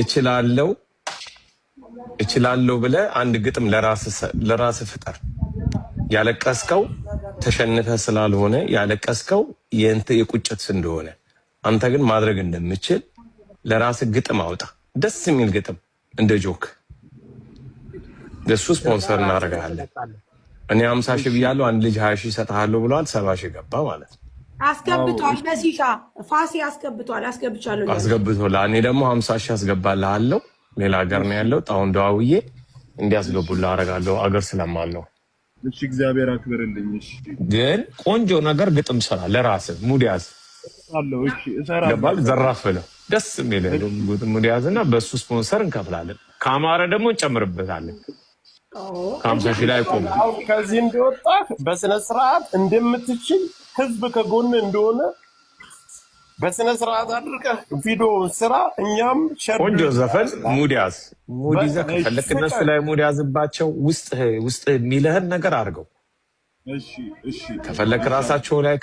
እችላለው እችላለው ብለህ አንድ ግጥም ለራስህ ፍጠር። ያለቀስከው ተሸንፈህ ስላልሆነ ያለቀስከው የእንተ የቁጭት እንደሆነ አንተ ግን ማድረግ እንደምችል ለራስህ ግጥም አውጣ። ደስ የሚል ግጥም እንደ ጆክ ለሱ ስፖንሰር እናደርጋለን። እኔ ሀምሳ ሺህ ብያለሁ። አንድ ልጅ ሀያ ሺህ እሰጥሃለሁ ብለዋል። ሰባ ሺህ ገባ ማለት ነው። አስገብቷል። በሲሻ ፋሲ አስገብቷል። አስገብቻለሁ አስገብቷል። እኔ ደግሞ ሀምሳ ሺህ አለው። ሌላ ሀገር ነው ያለው ጣሁን ደዋውዬ እንዲያስገቡልህ አደርጋለሁ። አገር ስለማለው እሺ፣ እግዚአብሔር አክብርልኝ። እሺ፣ ግን ቆንጆ ነገር ግጥም ስራ ለራስ ሙድ ያዝ አለው። ዘራፍ ብለህ ደስ የሚልህ ሙድ ያዝ እና በእሱ ስፖንሰር እንከፍላለን። ከአማረ ደግሞ እንጨምርበታለን። ከሀምሳ ሺህ ላይ ከዚህ እንደወጣ በስነ ስርዓት እንደምትችል ህዝብ ከጎን እንደሆነ በስነ ስርዓት አድርገህ ቪዲዮውን ስራ። እኛም ቆንጆ ዘፈን ሙዲያዝ ሙዲዘ ከፈለክ እነሱ ላይ ሙዲያዝባቸው ውስጥ ውስጥ የሚልህን ነገር አድርገው ከፈለክ ራሳቸው ላይ